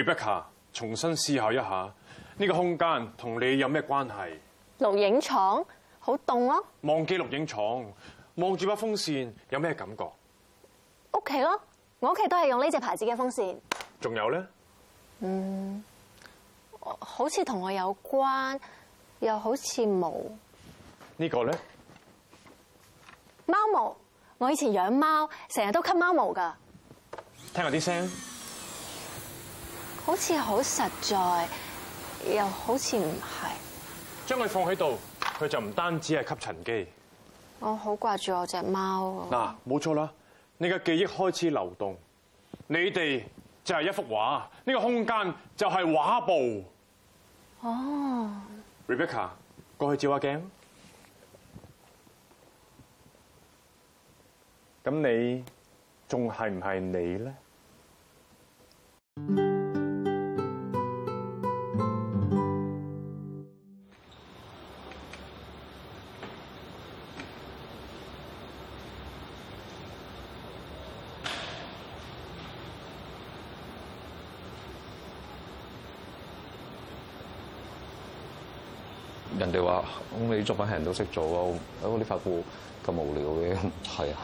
Rebecca，重新思考一下呢個空間同你有咩關係？錄影廠好凍咯。啊、忘記錄影廠，望住把風扇，有咩感覺？屋企咯，我屋企都係用呢隻牌子嘅風扇。仲有咧？嗯，好似同我有關，又好似冇。個呢個咧？貓毛，我以前養貓，成日都吸貓毛噶。聽下啲聲。好似好實在，又好似唔係。將佢放喺度，佢就唔單止係吸塵機。我好掛住我隻貓啊。嗱，冇錯啦，你嘅記憶開始流動，你哋就係一幅畫，呢個空間就係畫布。哦。Rebecca，過去照下鏡。咁你仲係唔係你咧？咁你作品係人都識做咯，我呢塊布咁無聊嘅，係啊，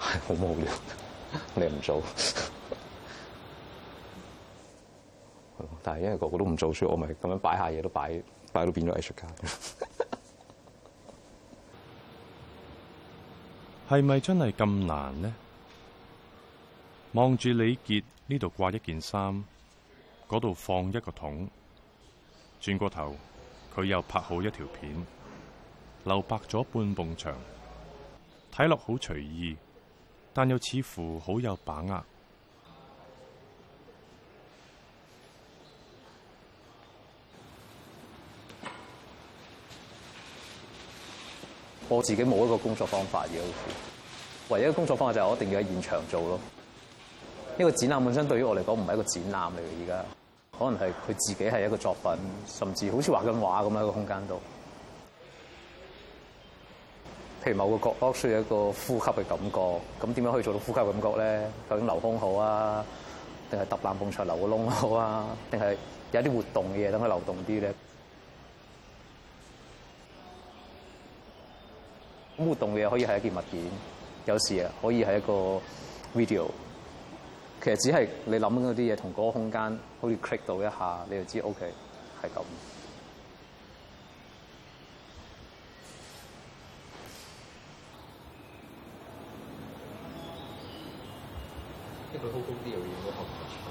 係好無聊。你唔做， 但係因為個個都唔做，所以我咪咁樣擺下嘢都擺，擺到變咗藝術家。係 咪真係咁難呢？望住李傑呢度掛一件衫，嗰度放一個桶，轉過頭。佢又拍好一條片，留白咗半埲牆，睇落好隨意，但又似乎好有把握。我自己冇一個工作方法嘅，唯一工作方法就係我一定要喺現場做咯。呢個展覽本身對於我嚟講唔係一個展覽嚟嘅，而家。可能係佢自己係一個作品，甚至好似畫緊畫咁喺個空間度。譬如某個角落需要一個呼吸嘅感覺，咁點樣可以做到呼吸嘅感覺咧？究竟留空好啊，定係揼冷風牆留個窿好啊？定係有啲活動嘅嘢等佢流動啲咧？活動嘅嘢可以係一件物件，有時啊可以係一個 video。其實只係你諗嗰啲嘢，同嗰個空間好似 click 到一下，你就知 OK 係咁。因為空空啲又要冇後台。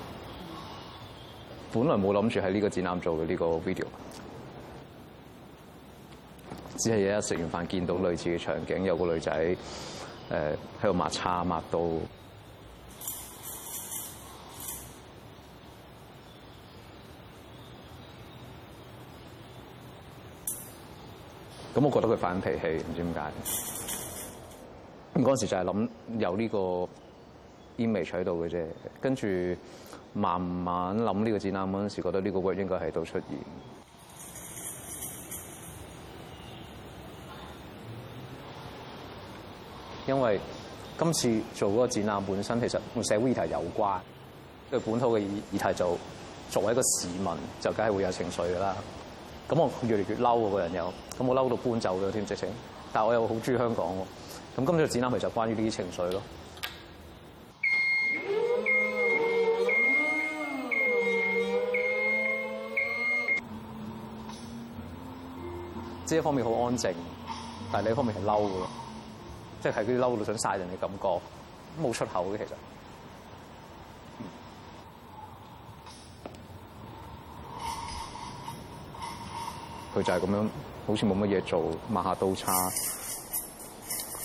本來冇諗住喺呢個展覽做嘅呢個 video，只係有一日食完飯見到類似嘅場景，有個女仔誒喺度抹叉抹刀。我覺得佢反脾氣，唔知點解。咁嗰陣時就係諗有呢個煙味喺度嘅啫，跟住慢慢諗呢個展覽嗰陣時，覺得呢個位 o r k 應該係到出現。因為今次做嗰個展覽本身其實同社會議題有關，即係本土嘅議題題，就作為一個市民就梗係會有情緒噶啦。咁我越嚟越嬲個個人有，咁我嬲到搬走㗎添直情。但係我又好中意香港喎。咁今次個展覽其實關於呢啲情緒咯。即 一方面好安靜，但係另一方面係嬲㗎，即係係啲嬲到想殺人嘅感覺，冇出口嘅其實。佢就係咁樣，好似冇乜嘢做，抹下刀叉，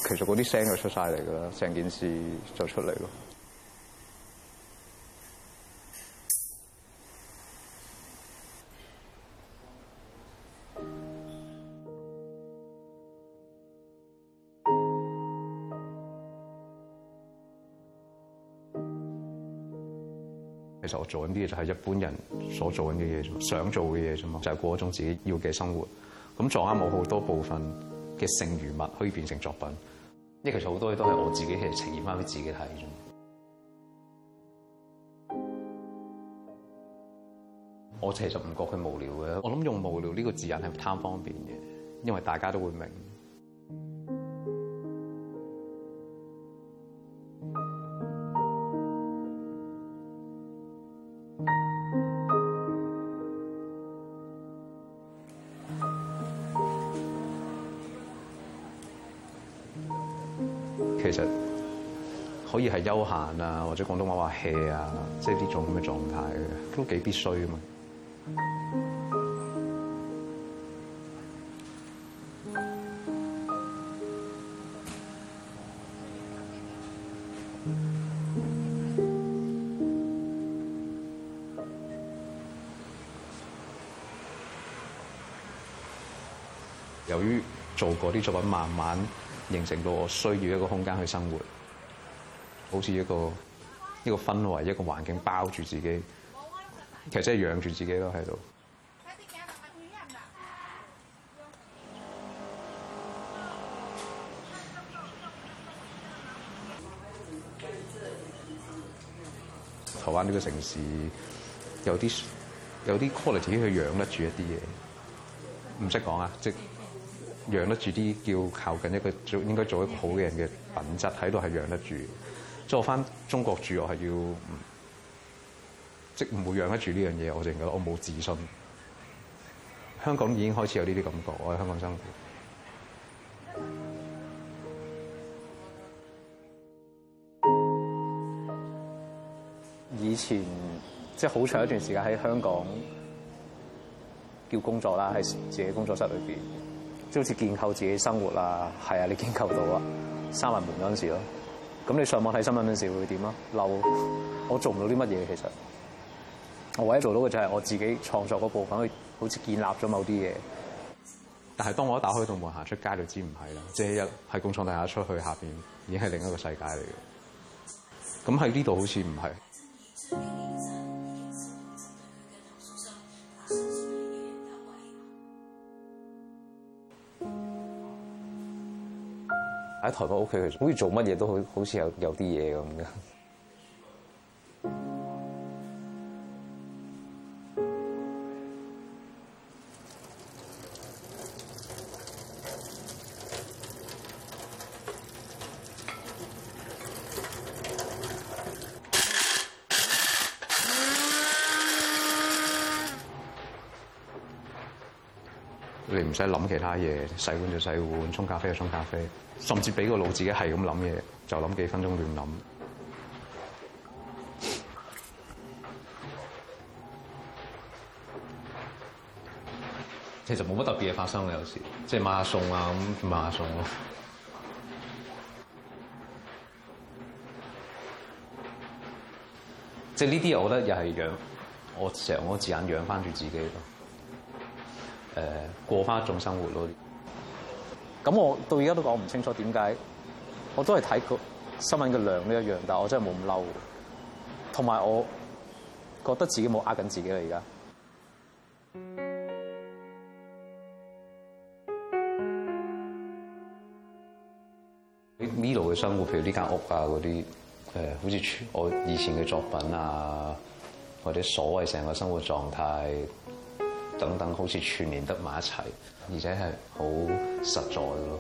其實嗰啲聲就出晒嚟㗎啦，成件事就出嚟咯。其實我做緊啲嘢就係一般人所做緊嘅嘢、想做嘅嘢啫嘛，就係、是、過一種自己要嘅生活。咁撞啱冇好多部分嘅剩餘物可以變成作品。呢，其實好多嘢都係我自己係呈現翻俾自己睇啫。 我其實唔覺佢無聊嘅，我諗用無聊呢個字眼係貪方便嘅，因為大家都會明。係休閒啊，或者廣東話話 hea 啊，即係呢種咁嘅狀態嘅，都幾必須啊嘛。由於做過啲作品，慢慢形成到我需要一個空間去生活。好似一個一個氛圍，一個環境包住自己，其實係養住自己咯。喺度 台灣呢個城市有啲有啲 quality 去養得住一啲嘢，唔識講啊，即係養得住啲叫靠近一個應該做一個好嘅人嘅品質喺度，係養得住。做翻中國住，我係要即唔、嗯就是、會養得住呢樣嘢，我就覺得我冇自信。香港已經開始有呢啲感覺，我喺香港生活。以前即係好長一段時間喺香港叫工作啦，喺自己工作室裏邊，即好似建構自己生活啊。係啊，你建構到啊，閂埋門嗰陣時咯。咁你上網睇新聞嗰陣時會點啊？流，我做唔到啲乜嘢其實。我唯一做到嘅就係我自己創作嗰部分，好似建立咗某啲嘢。但係當我一打開道門行出街，就知唔係啦。即係一喺工廠底下出去下面已經係另一個世界嚟嘅。咁喺呢度好似唔係。喺台北屋企，好似做乜嘢都好，好似有有啲嘢咁嘅。你唔使諗其他嘢，洗碗就洗碗，沖咖啡就沖咖啡，甚至俾個腦自己係咁諗嘢，就諗幾分鐘亂諗。其實冇乜特別嘅發生嘅，有時即係馬送啊，咁馬送咯。即係呢啲我覺得又係養我成日我自眼養翻住自己咯。誒，過翻一種生活咯，咁我到而家都講唔清楚點解，我都係睇過新聞嘅量呢一樣，但係我真係冇咁嬲，同埋我覺得自己冇呃緊自己啦而家。喺呢度嘅生活，譬如呢間屋啊嗰啲，誒好似我以前嘅作品啊，或者所謂成個生活狀態。等等好似串聯得埋一齊，而且係好實在咯。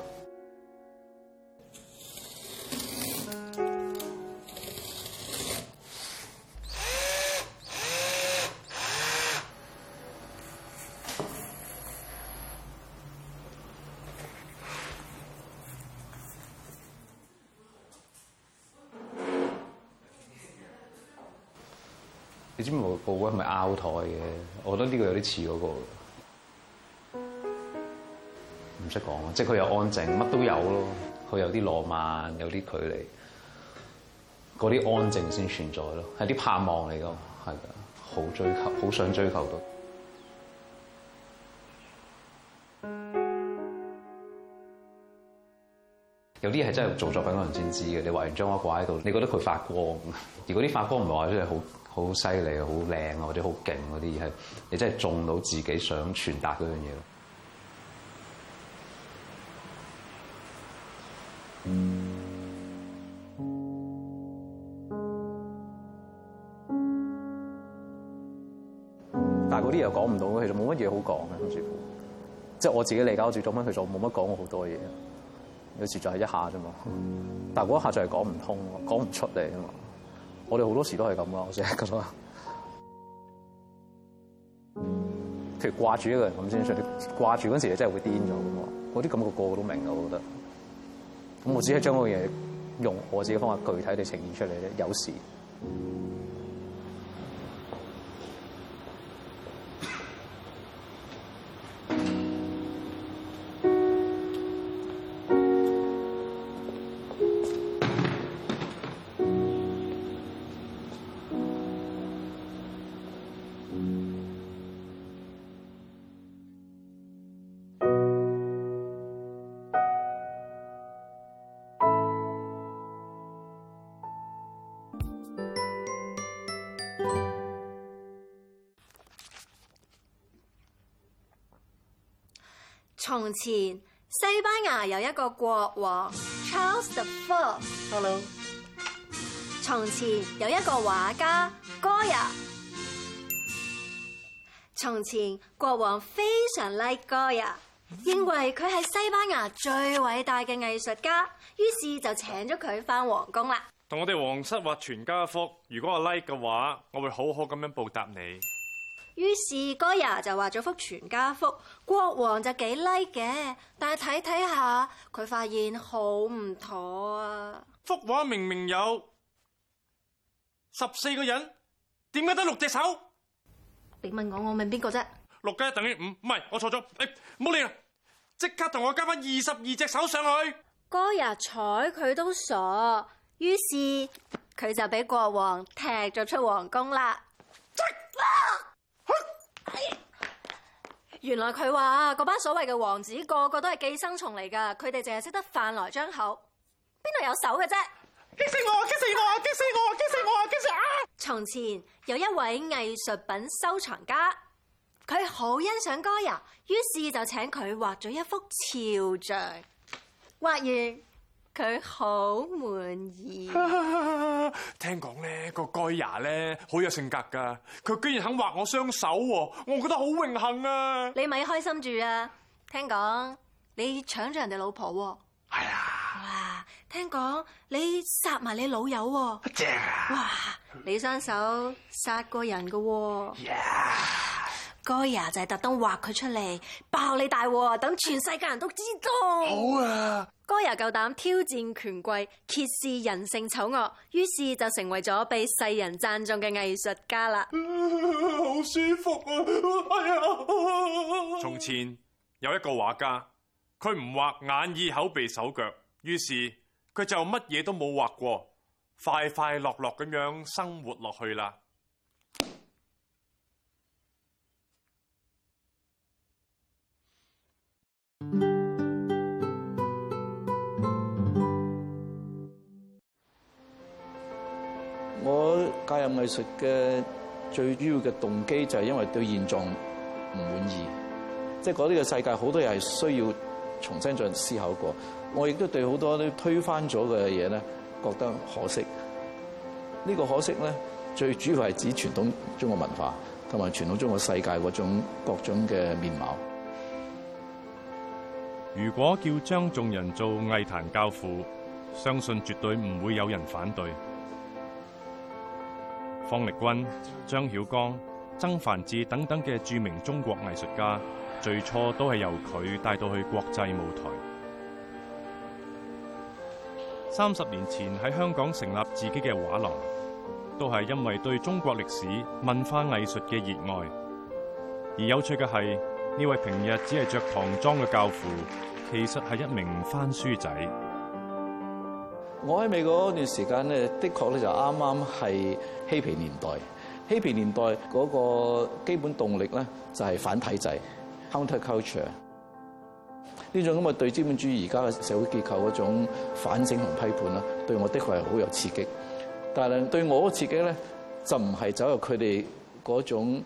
你知冇個布嘅係咪拗台嘅？我覺得呢個有啲似嗰個的不，唔識講即係佢有安靜，乜都有咯。佢有啲浪漫，有啲距離，嗰啲安靜先存在咯。係啲盼望嚟咯，係嘅，好追求，好想追求到。有啲係真係做作品嗰人先知嘅。你畫完張畫我掛喺度，你覺得佢發光。如果啲發光唔係話真係好。好犀利啊，好靚啊！或者好勁嗰啲嘢，係你真係中到自己想傳達嗰樣嘢咯。但係嗰啲又講唔到，其實冇乜嘢好講嘅，甚至乎，即係我自己嚟搞住做乜去就冇乜講過好多嘢。有時就係一下啫嘛，但係嗰一下就係講唔通，講唔出嚟啊嘛。我哋好多時都係咁噶，我成日咁啊。譬如掛住一個人咁先出，掛住嗰陣時你真係會癲咗嘅嘛。嗰啲感覺個個都明嘅，我覺得覺。咁我只係將嗰嘢用我自己嘅方法，具體地呈現出嚟咧。有時。從前西班牙有一個國王 Charles the Fourth。Hello。從前有一個畫家 Goya。從前國王非常 like Goya，認為佢係西班牙最偉大嘅藝術家，於是就請咗佢返皇宮啦。同我哋皇室畫全家福，如果我 like 嘅話，我會好好咁樣報答你。於是哥雅就畫咗幅全家福，國王就幾 like 嘅，但係睇睇下，佢發現好唔妥啊！幅畫明明有十四個人，點解得六隻手？你問我，我問邊個啫？六加一等於五，唔係我錯咗，誒、哎，唔好理啦，即刻同我加翻二十二隻手上去。哥雅睬佢都傻，於是佢就俾國王踢咗出皇宮啦。原來佢話嗰班所謂嘅王子個個都係寄生蟲嚟噶，佢哋淨係識得飯來張口，邊度有手嘅啫！激死我！激死我！激死我！激死我！激死啊！從前有一位藝術品收藏家，佢好欣賞哥雅，於是就請佢畫咗一幅肖像，畫完。佢好滿意、啊 聽呢。聽講咧，個哥雅咧好有性格噶，佢居然肯畫我雙手，我覺得好榮幸啊！你咪開心住啊！聽講你搶咗人哋老婆喎，係啊！啊哇，聽講你殺埋你老友喎，正啊！啊哇，你雙手殺過人噶喎、啊。Yeah. 哥雅，就係特登畫佢出嚟，爆你大鑊，等全世界人都知道。好啊、嗯！哥雅夠膽挑戰權貴，揭示人性醜惡，於是就成為咗被世人讚頌嘅藝術家啦、啊。好舒服啊！哎呀、啊、從前有一個畫家，佢唔畫眼耳口鼻手腳，於是佢就乜嘢都冇畫過，快快樂樂咁樣生活落去啦。藝術嘅最主要嘅動機就係因為對現狀唔滿意，即係嗰呢個世界好多嘢係需要重新再思考過。我亦都對好多呢推翻咗嘅嘢咧覺得可惜。呢個可惜咧最主要係指傳統中國文化同埋傳統中國世界各種各種嘅面貌。如果叫張頌仁做藝壇教父，相信絕對唔會有人反對。方力鈞、張曉剛、曾梵志等等嘅著名中國藝術家，最初都係由佢帶到去國際舞台。三十年前喺香港成立自己嘅畫廊，都係因為對中國歷史、文化、藝術嘅熱愛。而有趣嘅係，呢位平日只係着唐裝嘅教父，其實係一名番書仔。我喺美國嗰段時間咧，的確咧就啱啱係嬉皮年代。嬉皮年代嗰個基本動力咧，就係反體制 （counter culture）。呢種咁嘅對資本主義而家嘅社會結構嗰種反省同批判啦，對我的確係好有刺激。但係對我嘅刺激咧，就唔係走入佢哋嗰種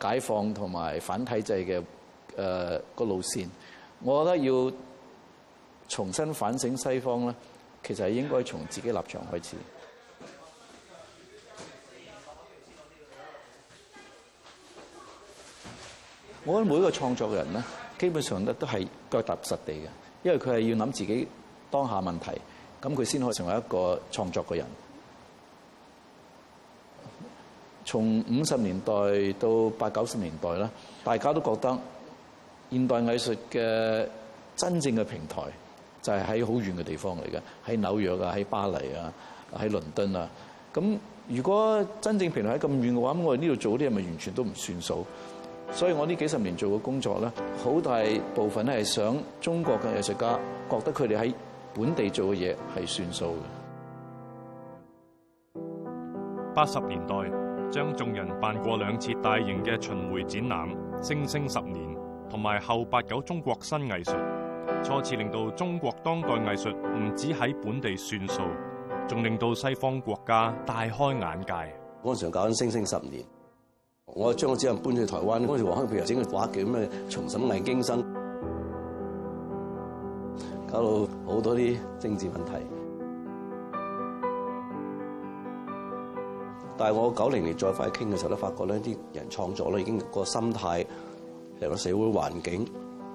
解放同埋反體制嘅誒個路線。我覺得要重新反省西方咧。其實係應該從自己立場開始。我覺得每一個創作人咧，基本上咧都係腳踏實地嘅，因為佢係要諗自己當下問題，咁佢先可以成為一個創作嘅人。從五十年代到八九十年代啦，大家都覺得現代藝術嘅真正嘅平台，就係喺好遠嘅地方嚟嘅，喺紐約啊，喺巴黎啊，喺倫敦啊。咁如果真正評論喺咁遠嘅話，咁我哋呢度做嗰啲嘢係咪完全都唔算數。所以我呢幾十年做嘅工作咧，好大部分咧係想中國嘅藝術家覺得佢哋喺本地做嘅嘢係算數嘅。八十年代，張頌仁辦過兩次大型嘅巡迴展覽，《星星十年》同埋《後八九中國新藝術》。初次令到中國當代藝術唔止喺本地算數，仲令到西方國家大開眼界。嗰時我搞緊星星十年，我將我只能搬去台灣。嗰時黃康平又整個畫卷，咩？重審魏京生，搞到好多啲政治問題。但係我九零年再翻去傾嘅時候，都發覺呢啲人創作咧已經個心態，成個社會環境，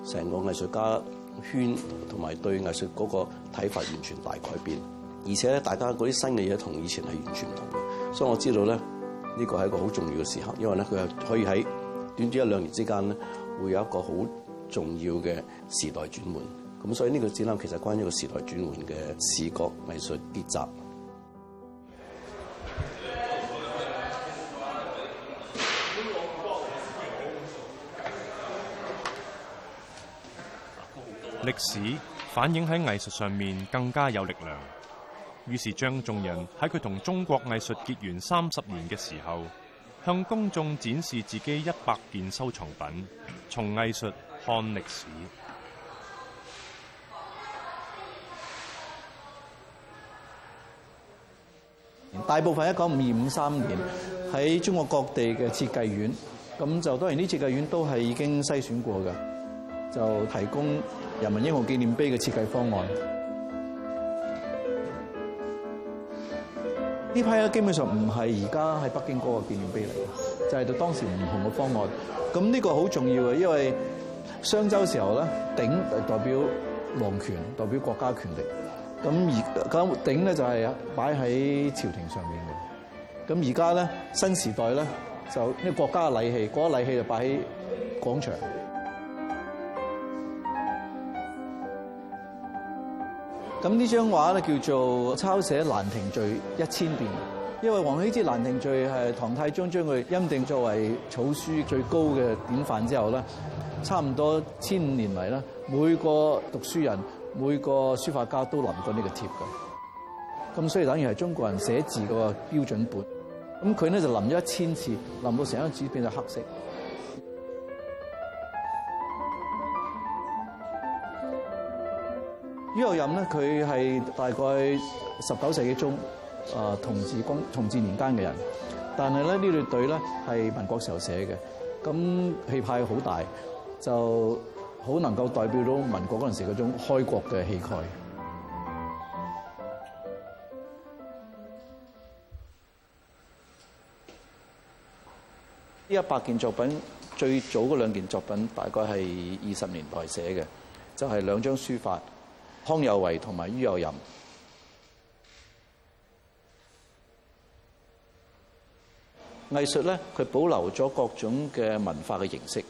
成個藝術家。圈同埋對藝術嗰個睇法完全大改變，而且咧大家嗰啲新嘅嘢同以前係完全唔同嘅，所以我知道咧呢個係一個好重要嘅時刻，因為咧佢係可以喺短短一兩年之間咧會有一個好重要嘅時代轉換，咁所以呢個展覽其實關於個時代轉換嘅視覺藝術結集。歷史反映喺藝術上面更加有力量，於是張頌仁喺佢同中國藝術結緣三十年嘅時候，向公眾展示自己一百件收藏品，從藝術看歷史。大部分一九五二五三年喺中國各地嘅設計院，咁就當然呢設計院都係已經篩選過嘅。就提供人民英雄紀念碑嘅設計方案。呢批咧基本上唔係而家喺北京嗰個紀念碑嚟，就係、是、到當時唔同嘅方案。咁呢個好重要嘅，因為商周時候咧，鼎代表王權，代表國家權力。咁而咁鼎咧就係擺喺朝廷上面嘅。咁而家咧，新時代咧，就呢國家嘅禮器，嗰個禮器就擺喺廣場。咁呢張畫咧叫做抄寫《蘭亭序》一千遍，因為王羲之《蘭亭序》係唐太宗將佢欽定作為草書最高嘅典範之後咧，差唔多千五年嚟啦，每個讀書人、每個書法家都臨過呢個帖嘅，咁所以等於係中國人寫字個標準本。咁佢咧就臨咗一千次，臨到成張紙變咗黑色。于右任咧，佢係大概十九世紀中誒同治公同治年間嘅人。但係咧，隊呢隊隊咧係民國時候寫嘅，咁氣派好大，就好能夠代表到民國嗰陣時嗰種開國嘅氣概。呢 一百件作品，最早嗰兩件作品大概係二十年代寫嘅，就係兩張書法。康有為同埋于右任，藝術咧，佢保留咗各種嘅文化嘅形式。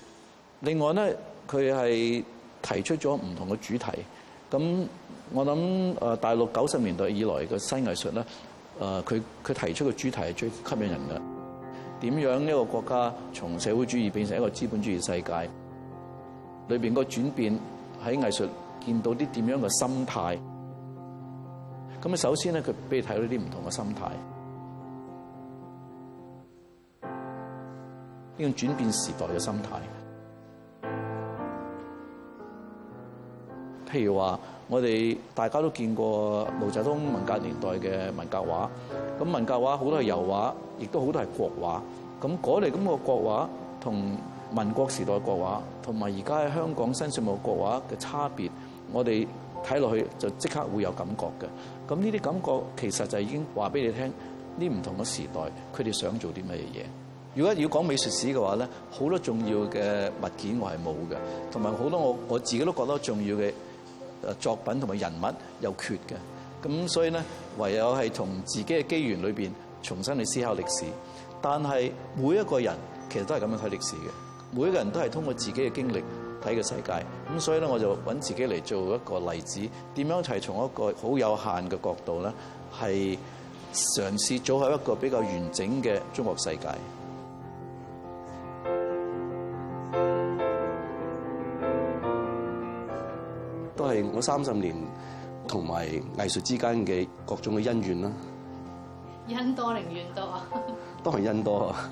另外咧，佢係提出咗唔同嘅主題。咁我諗誒大陸九十年代以來嘅新藝術咧，誒佢佢提出嘅主題係最吸引人嘅。點樣呢個國家從社會主義變成一個資本主義世界？裏邊個轉變喺藝術。見到啲點樣嘅心態，咁啊首先咧，佢俾你睇到啲唔同嘅心態，呢種轉變時代嘅心態。譬如話，我哋大家都見過毛澤東文革年代嘅文革畫，咁文革畫好多係油畫，亦都好多係國畫。咁嗰嚟咁嘅國畫，同民國時代國畫，同埋而家喺香港新水墨國畫嘅差別。我哋睇落去就即刻會有感覺嘅，咁呢啲感覺其實就已經話俾你聽，呢唔同嘅時代佢哋想做啲乜嘢嘢。如果要講美術史嘅話咧，好多重要嘅物件我係冇嘅，同埋好多我我自己都覺得重要嘅誒作品同埋人物有缺嘅，咁所以咧唯有係從自己嘅機緣裏邊重新去思考歷史。但係每一個人其實都係咁樣睇歷史嘅，每一個人都係通過自己嘅經歷。睇嘅世界，咁所以咧，我就揾自己嚟做一個例子，點樣係從一個好有限嘅角度咧，係嘗試組合一個比較完整嘅中國世界。都係我三十年同埋藝術之間嘅各種嘅恩怨啦。恩多，多 恩多，寧願多啊。都係，恩多啊。